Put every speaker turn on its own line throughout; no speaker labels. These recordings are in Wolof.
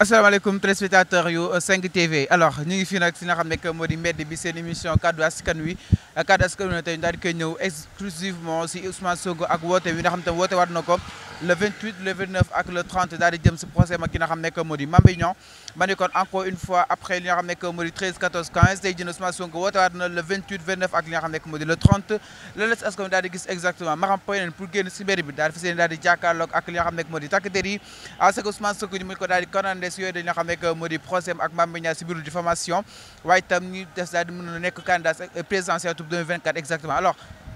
alaikum, téléspectateurs de euh, 5 TV alors nous ngi ici avec si nga xam ne bi seen émission kaddu askan wi euh, askan exclusivement si Ousmane Sogo et Wote. wi nga xam Wote le 28 le 29 ak le 30 daal di jëm procès ma ki nga xam nekk encore une fois après li nga xam modi 13 14 15 tey jii nag Ousmane Sonko wootewaat na le 28 29 ak li nga xam modi le 30 le les askan daal di exactement maram pour génn si mbir bi daal fi seen daal di jàkkaarloog ak li nga xam nekk moo di takk der que Ousmane Sonko ñu mën ko daal di condamné si yooyu dañ nga xam nekk moo di procès ak Mame Mbaye Niang si biiru diffamation waaye itam ñu des daal di mën candidat présidentiel 2024 exactement alors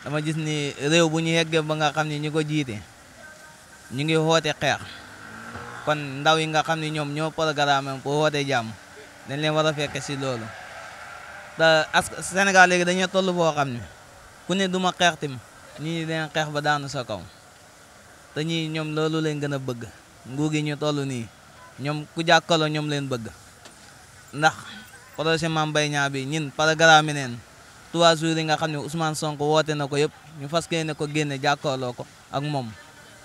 dama gis ni réew bu ñu yeggee ba nga xam ni ñu ko jiite ñu ngi xoote xeex kon ndaw yi nga xam ni ñoom ñoo programme pour xoote jàmm dañ leen war a fekk si loolu te as Sénégal léegi dañoo toll boo xam ne ku ne duma xeex tim ñi leen ba daanu sa kaw te ñii ñoom loolu leen gën a bëgg nguur gi ñu toll nii ñoom ku jàkkaloo ñoom leen bëgg ndax projet Mame Mbaye Niang bi ñin trois jours yi nga xam ne Ousmane Sonko woote na ko yëpp ñu fas yéene ko génne jàkkaarloo ko ak moom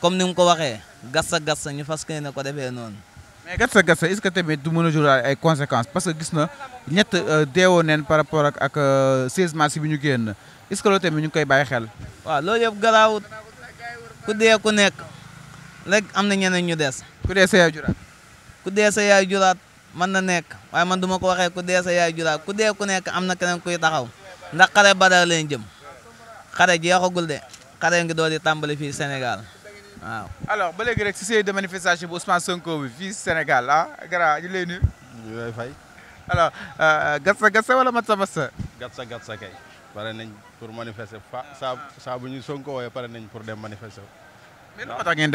comme ni mu ko waxee gassa gassa ñu fas yéene ko defee noonu.
mais du mën a ay conséquences parce que gis na ñett euh, deewoo neen par rapport ak ak 16 euh, mars bi ñu génn est-ce que ñu koy bàyyi xel. waaw loolu yëpp garaawut ku dee ku nekk
rek am na ñeneen ñu des. ku dee sa yaay juraat. ku dee sa yaay juraat mën na nekk waaye man du ma ko waxee ku dee sa yaay juraat ku dee ku nekk am na keneen kuy taxaw. ndax xare Badar leen jëm xare jeexagul de xare ngi doon di tàmbali fii Sénégal waaw.
alors ba léegi rek si série de manifestation bu Ousmane Sonko bi fii Sénégal ah gara ñu lay nuyu.
ñu fay. alors euh, gatsa gatsa wala matsa matsa. gatsa gatsa kay pare nañ pour manifester fa saa saa bu ñu Sonko wooyee pare nañ pour dem manifester wu. mais moo tax
ngeen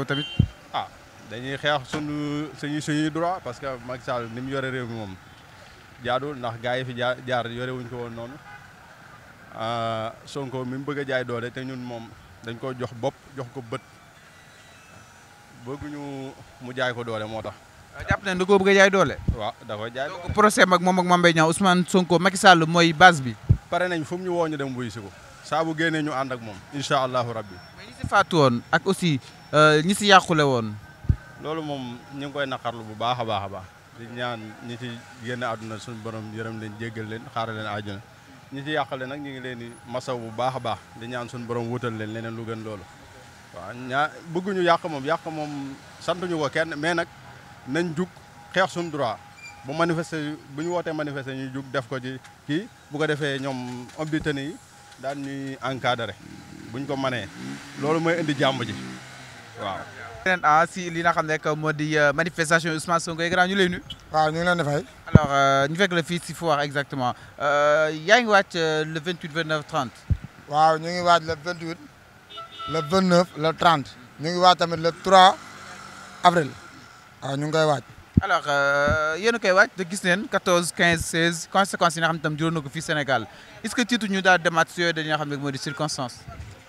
wu tamit.
ah dañuy xeex sunu suñuy suñuy droit parce que Macky Sall ni mu yore réew mi moom. jaadul ndax gaa yi fi jaar jaar yore wuñ ko woon noonu ah, Sonko mi mu bëgg a jaay doole te ñun moom dañ ko jox bopp jox ko bët bëgguñu mu jaay ko doole moo tax. Ah, jàpp nañ da koo bëgg a jaay doole. waaw da jaay doole
mag moom ak Mame Mbaye Niang Ousmane Sonko Macky Sall mooy base bi.
pare nañ fu ñu woo ñu dem buy si ko saabu bu génnee ñu ànd ak moom incha allahu rabbi. mais
ñi si faatu woon ak aussi euh, ñi si yàqule woon.
loolu moom ñu ngi koy naqarlu bu baax a baax a baax. di ñaan ñi ci génn àdduna suñu borom yërëm leen jéggal leen xaaral leen àjjana ñi ci yàqale nag ñu ngi leen di masaw bu baax a baax di ñaan suñu borom wutal leen leneen lu gën loolu waa ñaa bëgguñu yàq moom yàq moom santuñu ko kenn mais nag nañ jug xeex suñu droit bu manifester bu ñu wootee manifester ñu jug def ko ji kii bu ko defee ñoom homme de tenue yi daan ñuy encadré buñ ko manee loolu mooy indi jàmm ji waaw
Alors, ah si li nga xam euh, manifestation Ousmane Sonko yi grand ñu lay nuyu. waaw ñu ngi leen de alors euh, ñu fekk le fii si foire exactement Vous euh, ngi le 28
29 30. waaw ñu ngi le 28 le 29 le 30 ñu ngi le 3 avril Alors, ñu ngi
alors vous a koy waaj 14 15 16 conséquences est la xam tam Sénégal est-ce que tiitu ñu daal demaat de yooyu dañuy xam circonstance.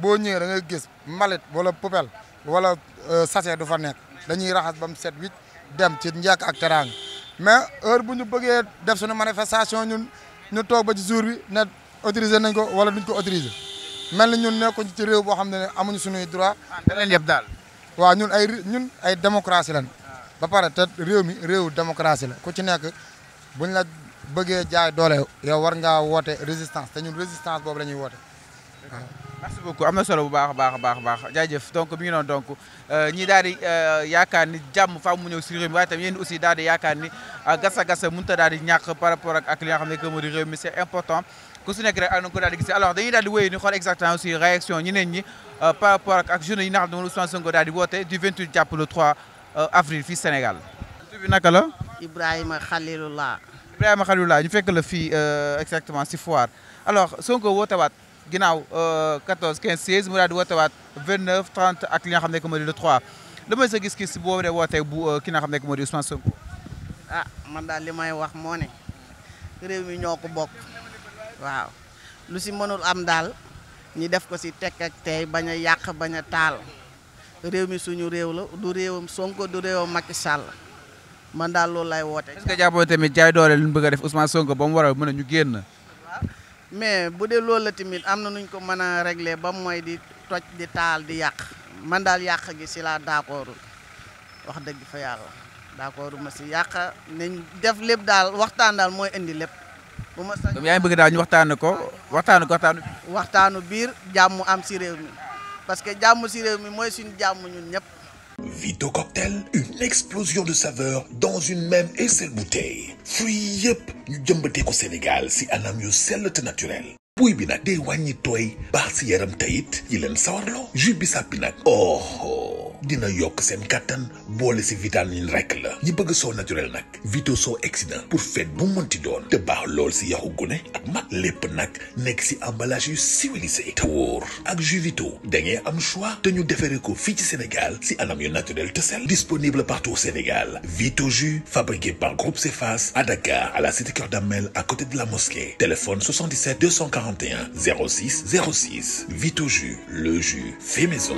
boo ñëwee da ngay gis mbalit wala poubelle wala euh, sachet du fa nekk dañuy raxas ba mu set wicc dem ci njëkk ak teraanga mais heure bu ñu bëggee def suñu manifestation ñun ñu toog ba ci jour bi ne autorisé nañ ko wala duñ ko autorisé mel ni ñun nekkuñ ci réew boo xam ne amuñu suñuy droit. da ah, leen daal. waaw ñun ay ñun ay démocratie lañ. Ah. ba pare te réew mi réewu démocratie la ku ci nekk buñ la bëggee jaay doole yow war ngaa woote résistance te ñun résistance boobu la ñuy woote. merci beaucoup amna solo bu baax a baax a baax baax jaajëf donc mi ngi noonu donc
euh, ñi daal di euh, yaakaar ni jamm fa mu ñew si réew mi waaye tam yeen aussi daal di yaakaar ni gassa euh, gassa mu ta daal di ñàkk par rapport ak ak li nga xamné ne que moo di réew mi c'est important ku su nekk rek ak na ko daal di gisee alors dañuy daal di wéy ni xol exactement aussi réaction ñeneen ñi par rapport ak ak jeune yi nga xam Ousmane Sonko daal di woote du 28 japp le 3 avril fi Sénégal. tur bi naka la. Ibrahima Khalilullah. Ibrahima Khalilullah ñu fekk la fi exactement ci foire alors Sonko wootewaat. ginnaaw 14 15 16 mu daal di wootewaat 29 30 ak li nga xam ne moo di le la mooy sa gis-gis boo dee wootee bu euh, ki nga xam ne moo di Ousmane Sonko.
ah man daal li may wax moo ne réew mi ñoo ko bokk waaw lu si mënul am daal ñi def ko si tekk ak tey bañ a yàq bañ a taal réew mi suñu réew la du réewam Sonko du réewam ak Sall. man daal loolu lay woote. est-ce
que jàppoo tamit jaay doole lu ñu bëgg a def Ousmane Sonko ba waral mën a ñu génn.
mais bu dee loolu la tamit am na nuñ ko mën a régler ba mooy di toj di taal di yàq man daal yàq gi si laa d'accordul wax dëgg fa yàlla d'accordu ma si yàq nañ def lépp daal waxtaan daal mooy indi lépp. bu ma sañ
yaa ngi bëgg daal ñu waxtaan ko waxtaan ko waxtaanu.
waxtaanu biir jàmm am si réew mi parce que jàmm si réew mi mooy suñu jàmm ñun
ñëpp.
Vito Cocktail, une explosion de saveurs dans une même et seule
bouteille fruits yep, nous ñu Sénégal si anam yo mieux naturelle. naturel Puis bi des day parce qu'il baax si yaram tayit il leen sawarloo jus bi oh, oh dina yok sen katan bolé ci vitamine rek la ñi bëgg so naturel nak vito so exsident pour fête bu mënti doon te baax lool si ya gune ak mag nak nekk si
emballage civilisé te wóor ak jus vito da am choix te ñu déféré ko fi ci Sénégal si anam yu naturel te sel disponible partout au Sénégal vito Ju, fabriqué par Groupe
Cefas à Dakar à la cité cœur Damel à côté de la mosquée téléphone 77 241
06 06 vito jus le jus fait maison